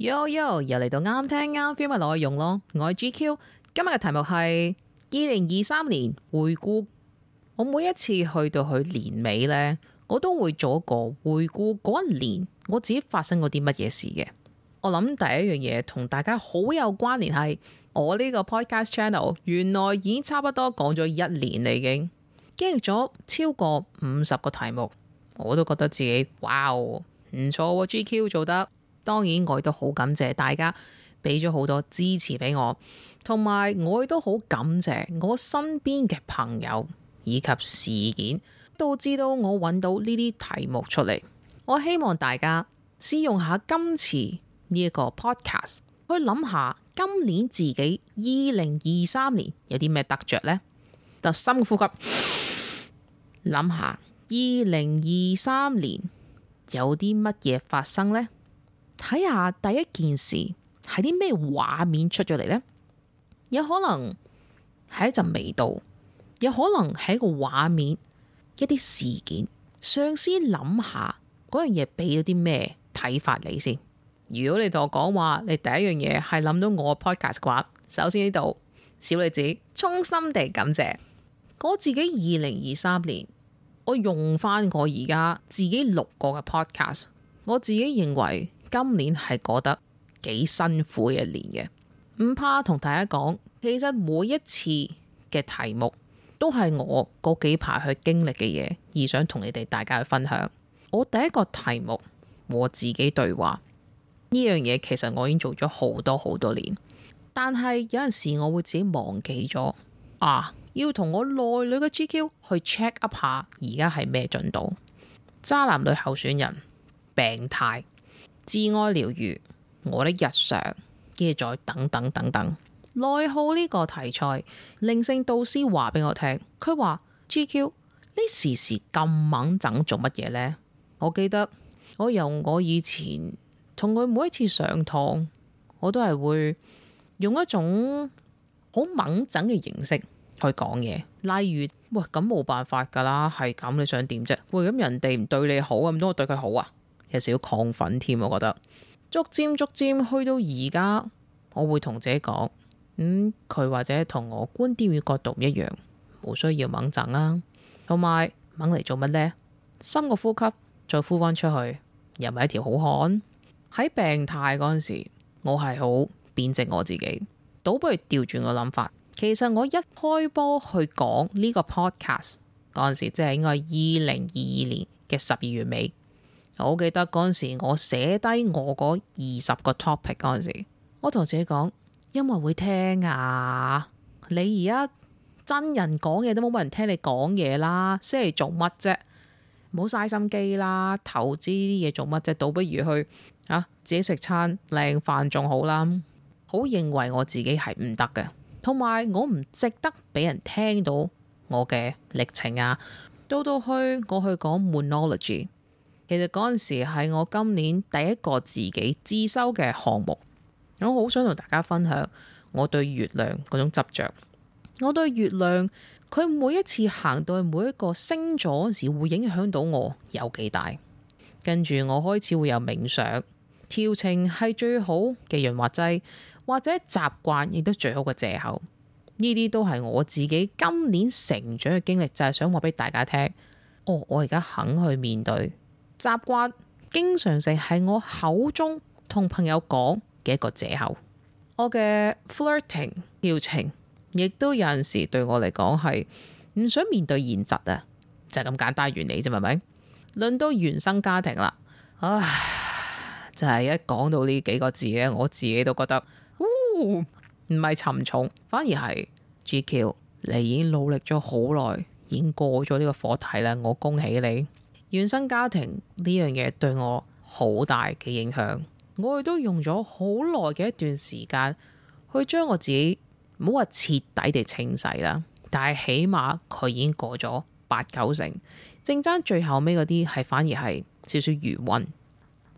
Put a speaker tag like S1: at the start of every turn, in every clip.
S1: Yo Yo 又嚟到啱聽啱 feel 嘅內容咯，我係 G Q，今日嘅題目係二零二三年回顧。我每一次去到去年尾呢，我都會做一個回顧嗰一年我自己發生過啲乜嘢事嘅。我諗第一樣嘢同大家好有關聯繫，我呢個 podcast channel 原來已經差不多講咗一年嚟，已經經歷咗超過五十個題目，我都覺得自己哇唔錯喎，G Q 做得。當然，我亦都好感謝大家俾咗好多支持俾我，同埋我亦都好感謝我身邊嘅朋友以及事件導致到我揾到呢啲題目出嚟。我希望大家試用下今次呢一個 podcast，去諗下今年自己二零二三年有啲咩得着呢？就深呼吸，諗下二零二三年有啲乜嘢發生呢？睇下第一件事係啲咩畫面出咗嚟呢？有可能係一陣味道，有可能係一個畫面，一啲事件。上司諗下嗰樣嘢俾咗啲咩睇法你先。如果你同我講話，你第一樣嘢係諗到我 podcast 嘅話，首先呢度小女子，衷心地感謝我自己。二零二三年我用翻我而家自己錄過嘅 podcast，我自己認為。今年係過得幾辛苦一年嘅，唔怕同大家講，其實每一次嘅題目都係我嗰幾排去經歷嘅嘢，而想同你哋大家去分享。我第一個題目我自己對話呢樣嘢，其實我已經做咗好多好多年，但係有陣時我會自己忘記咗啊，要同我內裏嘅 GQ 去 check up 下，而家係咩進度？渣男女候選人病態。自愛療癒，我的日常，跟住再等等等等。內耗呢個題材，靈性導師話俾我聽，佢話 GQ 你時時咁猛整做乜嘢呢？我記得我由我以前同佢每一次上堂，我都係會用一種好猛整嘅形式去講嘢，例如喂咁冇辦法噶啦，係咁你想點啫？喂咁人哋唔對你好咁，我對佢好啊？有少少亢奮添，我覺得逐漸逐漸去到而家，我會同自己講咁佢或者同我觀點與角度唔一樣，冇需要猛震啦。同埋猛嚟做乜呢？深個呼吸，再呼返出去，又咪一條好漢。喺病態嗰陣時，我係好貶值我自己，倒不如調轉個諗法。其實我一開波去講呢個 podcast 嗰陣時，即係應該二零二二年嘅十二月尾。我好記得嗰陣時，我寫我時，我寫低我嗰二十個 topic 嗰陣時，我同自己講，因為會聽啊。你而家真人講嘢都冇乜人聽你講嘢啦，先嚟做乜啫？唔好嘥心機啦，投資啲嘢做乜啫？倒不如去吓、啊、自己食餐靚飯仲好啦。好認為我自己係唔得嘅，同埋我唔值得俾人聽到我嘅歷程啊。到到去我去講 m 其實嗰陣時係我今年第一個自己自修嘅項目，我好想同大家分享我對月亮嗰種執着。我對月亮，佢每一次行到去每一個星座嗰陣時，會影響到我有幾大？跟住我開始會有冥想，調情係最好嘅潤滑劑，或者習慣亦都最好嘅借口。呢啲都係我自己今年成長嘅經歷，就係想話俾大家聽。哦，我而家肯去面對。習慣經常性係我口中同朋友講嘅一個借口，我嘅 flirting 調情，亦都有陣時對我嚟講係唔想面對現實啊，就係、是、咁簡單原理啫，係咪？論到原生家庭啦，唉，就係、是、一講到呢幾個字咧，我自己都覺得，唔係沉重，反而係 GQ，你已經努力咗好耐，已經過咗呢個課題啦，我恭喜你。原生家庭呢樣嘢對我好大嘅影響，我亦都用咗好耐嘅一段時間去將我自己唔好話徹底地清洗啦，但係起碼佢已經過咗八九成，正爭最後尾嗰啲係反而係少少餘溫。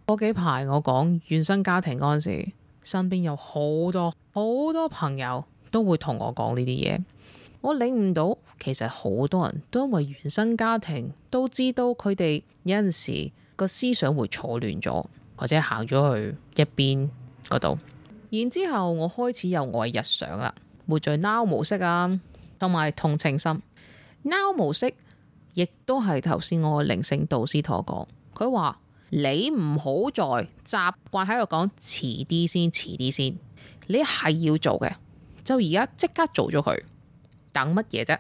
S1: 嗰幾排我講原生家庭嗰陣時，身邊有好多好多朋友都會同我講呢啲嘢。我領悟到，其實好多人都因為原生家庭都知道佢哋有陣時個思想會錯亂咗，或者行咗去一邊嗰度。然之後我開始有我的日常啦，活在 now 模式啊，同埋同情心。now 模式亦都係頭先我嘅靈性導師同我講，佢話你唔好再習慣喺度講遲啲先，遲啲先，你係要做嘅，就而家即刻做咗佢。等乜嘢啫？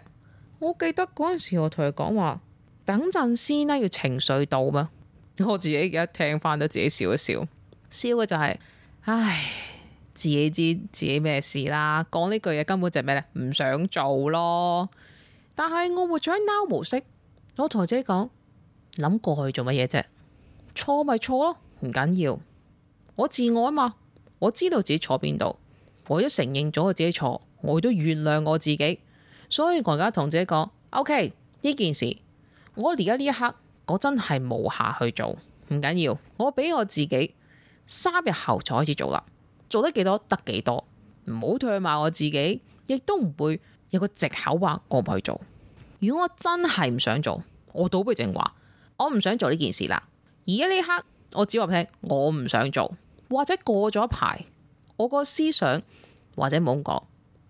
S1: 我記得嗰陣時我，我同佢講話等陣先啦、啊，要情緒到咩？我自己而家聽翻到自己笑一笑，笑嘅就係、是、唉，自己知自己咩事啦。講呢句嘢根本就係咩咧？唔想做咯。但係我活在 now 模式，我同自己講，諗過去做乜嘢啫？錯咪錯咯，唔緊要，我自愛啊嘛，我知道自己坐邊度，我都承認咗我自己錯，我都原諒我自己。所以我而家同自己講，OK 呢件事，我而家呢一刻我真係無暇去做，唔緊要，我俾我自己三日後才開始做啦。做得幾多得幾多，唔好退去罵我自己，亦都唔會有個藉口話我唔去做。如果我真係唔想做，我倒不如淨話我唔想做呢件事啦。而家呢一刻我只話聽，我唔想做。或者過咗一排，我個思想或者冇講，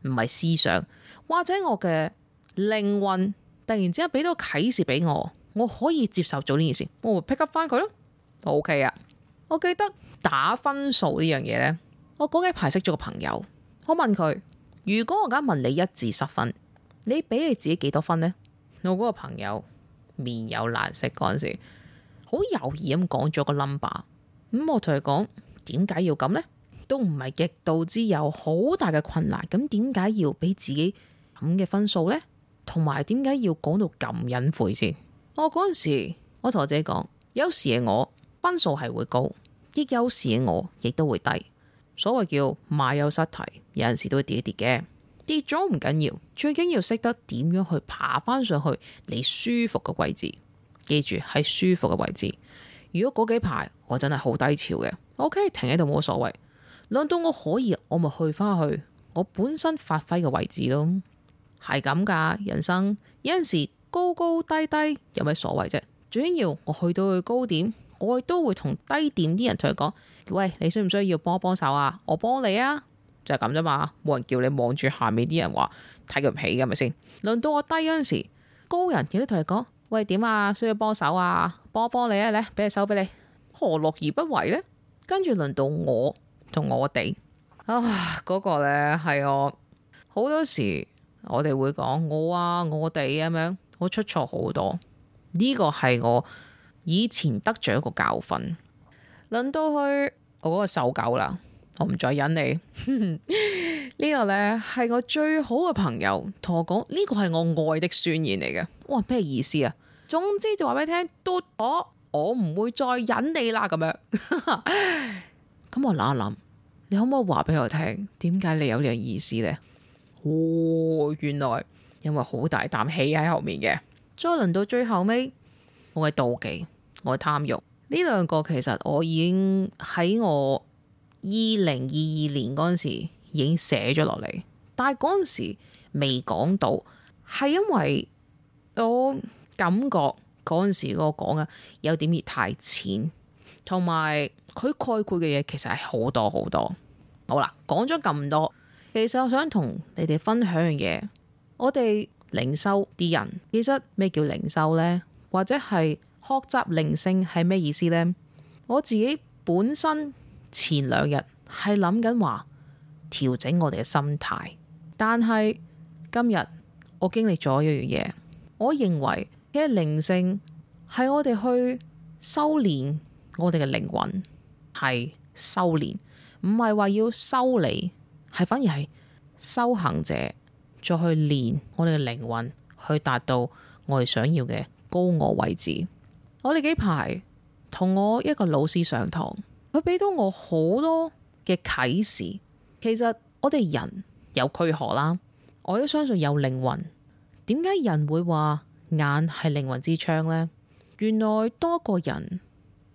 S1: 唔係思想。或者我嘅靈魂突然之間俾到啟示俾我，我可以接受做呢件事，我會 pick up 翻佢咯。O K 啊，我記得打分數呢樣嘢呢。我嗰幾排識咗個朋友，我問佢：如果我而家問你一至十分，你俾你自己幾多分呢？」我嗰個朋友面有難色嗰陣時，好猶豫咁講咗個 number。咁、嗯、我同佢講，點解要咁呢？都唔係極度之有好大嘅困難，咁點解要俾自己？咁嘅分數呢，同埋點解要講到咁隱晦先？我嗰陣時，我同我自己講，有時嘅我分數係會高，亦有時嘅我亦都會低。所謂叫買有失蹄，有陣時都會跌一跌嘅跌咗唔緊要緊，最緊要識得點樣去爬翻上去，你舒服嘅位置。記住喺舒服嘅位置。如果嗰幾排我真係好低潮嘅，o k 停喺度冇所謂。量到我可以，我咪去翻去我本身發揮嘅位置咯。係咁噶人生有陣時高高低低有咩所謂啫？最緊要我去到去高點，我亦都會同低點啲人同佢講：，喂，你需唔需要幫幫手啊？我幫你啊，就係咁啫嘛。冇人叫你望住下面啲人話睇佢唔起噶，咪先？輪到我低嗰陣時，高人亦都同佢講：，喂，點啊？需要幫手啊？幫幫你啊？咧，俾隻手俾你，何樂而不為呢？跟住輪到我同我哋啊，嗰、嗰個咧係我好多時。我哋會講我啊，我哋咁樣，我出錯好多，呢個係我以前得咗一個教訓。輪到去我嗰個受夠啦，我唔再忍你。呢個呢係我最好嘅朋友，同我講，呢個係我愛的宣言嚟嘅。哇，咩意思啊？總之就話俾你聽，嘟我，我唔會再忍你啦。咁樣，咁 我諗一諗，你可唔可以話俾我聽，點解你有呢樣意思呢？哦，原來因為好大啖氣喺後面嘅。再輪到最後尾，我嘅妒忌、我嘅貪欲呢兩個其實我已經喺我二零二二年嗰陣時已經寫咗落嚟，但係嗰陣時未講到，係因為我感覺嗰陣時我講嘅有點而太淺，同埋佢概括嘅嘢其實係好多好多。好啦，講咗咁多。其實我想同你哋分享樣嘢，我哋靈修啲人其實咩叫靈修呢？或者係學習靈性係咩意思呢？我自己本身前兩日係諗緊話調整我哋嘅心態，但係今日我經歷咗一樣嘢，我認為嘅靈性係我哋去修煉我哋嘅靈魂，係修煉，唔係話要修理。係反而係修行者再去練我哋嘅靈魂，去達到我哋想要嘅高我位置。我哋幾排同我一個老師上堂，佢俾到我好多嘅啟示。其實我哋人有軀殼啦，我都相信有靈魂。點解人會話眼係靈魂之窗呢？原來多個人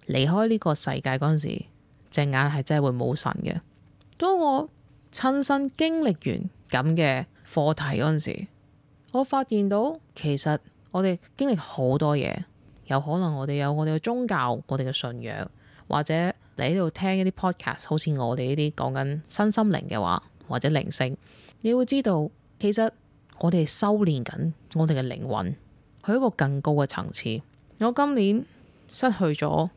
S1: 離開呢個世界嗰陣時，隻眼係真係會冇神嘅。當我親身經歷完咁嘅課題嗰陣時，我發現到其實我哋經歷好多嘢，有可能我哋有我哋嘅宗教，我哋嘅信仰，或者你喺度聽一啲 podcast，好似我哋呢啲講緊身心靈嘅話，或者靈性，你會知道其實我哋係修煉緊我哋嘅靈魂，去一個更高嘅層次。我今年失去咗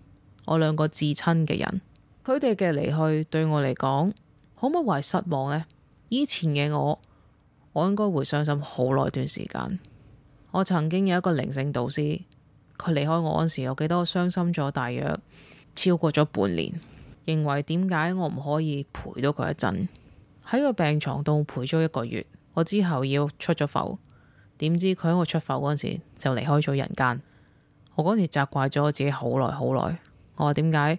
S1: 我兩個至親嘅人，佢哋嘅離去對我嚟講。可唔可以話係失望呢？以前嘅我，我應該會傷心好耐段時間。我曾經有一個靈性導師，佢離開我嗰時，我記得我傷心咗大約超過咗半年，認為，點解我唔可以陪到佢一陣？喺個病床度陪咗一個月，我之後要出咗埠，點知佢喺我出埠嗰陣時就離開咗人間。我嗰時責怪咗我自己好耐好耐，我話，點解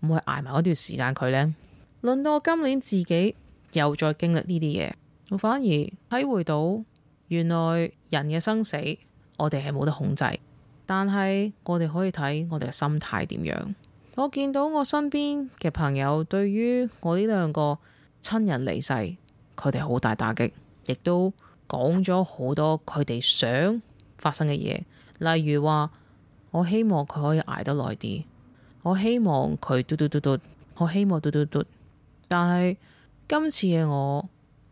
S1: 唔去捱埋嗰段時間佢呢？輪到我今年自己又再經歷呢啲嘢，我反而體會到原來人嘅生死，我哋係冇得控制，但係我哋可以睇我哋嘅心態點樣。我見到我身邊嘅朋友對於我呢兩個親人離世，佢哋好大打擊，亦都講咗好多佢哋想發生嘅嘢，例如話我希望佢可以捱得耐啲，我希望佢嘟嘟嘟嘟，我希望嘟嘟嘟嘟。但係今次嘅我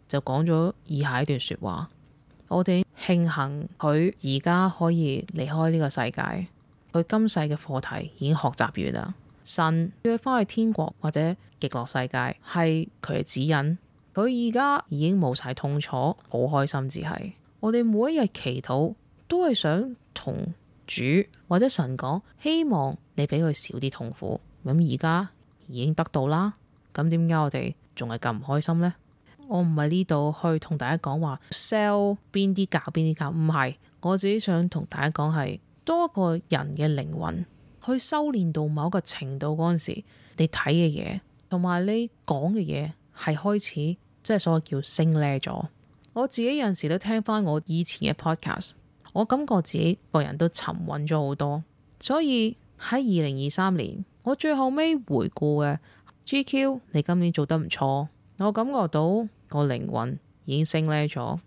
S1: 就講咗以下一段說話。我哋慶幸佢而家可以離開呢個世界，佢今世嘅課題已經學習完啦。神叫佢返去天國或者極樂世界，係佢嘅指引，佢而家已經冇晒痛楚，好開心。只係我哋每一日祈禱都係想同主或者神講，希望你俾佢少啲痛苦。咁而家已經得到啦。咁點解我哋仲係咁唔開心呢？我唔係呢度去同大家講話 sell 邊啲教邊啲教，唔係我自己想同大家講，係多個人嘅靈魂去修煉到某一個程度嗰陣時，你睇嘅嘢，同埋你講嘅嘢係開始即係所謂叫升呢咗。我自己有陣時都聽翻我以前嘅 podcast，我感覺自己個人都沉穩咗好多。所以喺二零二三年，我最後尾回顧嘅。GQ，你今年做得唔錯，我感覺到我靈魂已經升呢咗。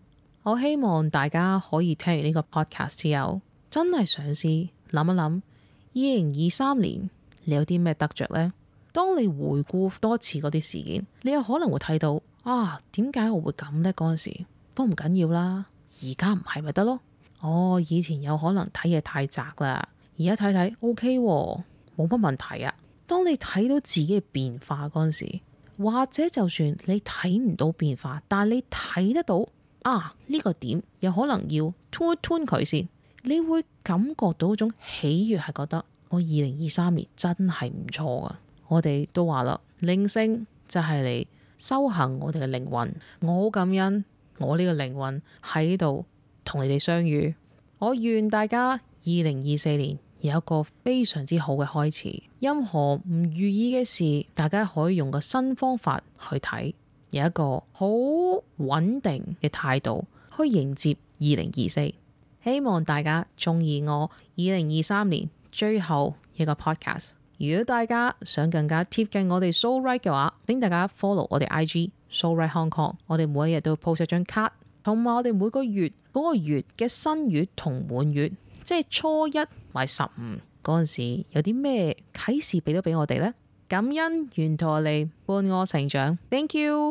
S1: 我希望大家可以聽完呢個 podcast 之後，真係嘗試諗一諗，二零二三年你有啲咩得着呢？當你回顧多次嗰啲事件，你有可能會睇到啊，點解我會咁呢？嗰陣時？不過唔緊要啦，而家唔係咪得咯？我、哦、以前有可能睇嘢太窄啦，而家睇睇 OK，冇乜問題啊。當你睇到自己嘅變化嗰陣時，或者就算你睇唔到變化，但係你睇得到啊，呢個點有可能要 tune tune 佢先，你會感覺到一種喜悅，係覺得我二零二三年真係唔錯㗎！我哋都話啦，靈性就係嚟修行我哋嘅靈魂，我好感恩我呢個靈魂喺度同你哋相遇，我願大家二零二四年。有一個非常之好嘅開始。任何唔如意嘅事，大家可以用個新方法去睇。有一個好穩定嘅態度去迎接二零二四。希望大家中意我二零二三年最後一個 podcast。如果大家想更加貼近我哋 Zorite 嘅話，請大家 follow 我哋 IG Zorite Hong Kong。我哋每一日都會 post 一張卡，同埋我哋每個月嗰個月嘅新月同滿月。即係初一埋十五嗰陣時，有啲咩啟示畀到畀我哋呢？感恩沿途你伴我成長，Thank you。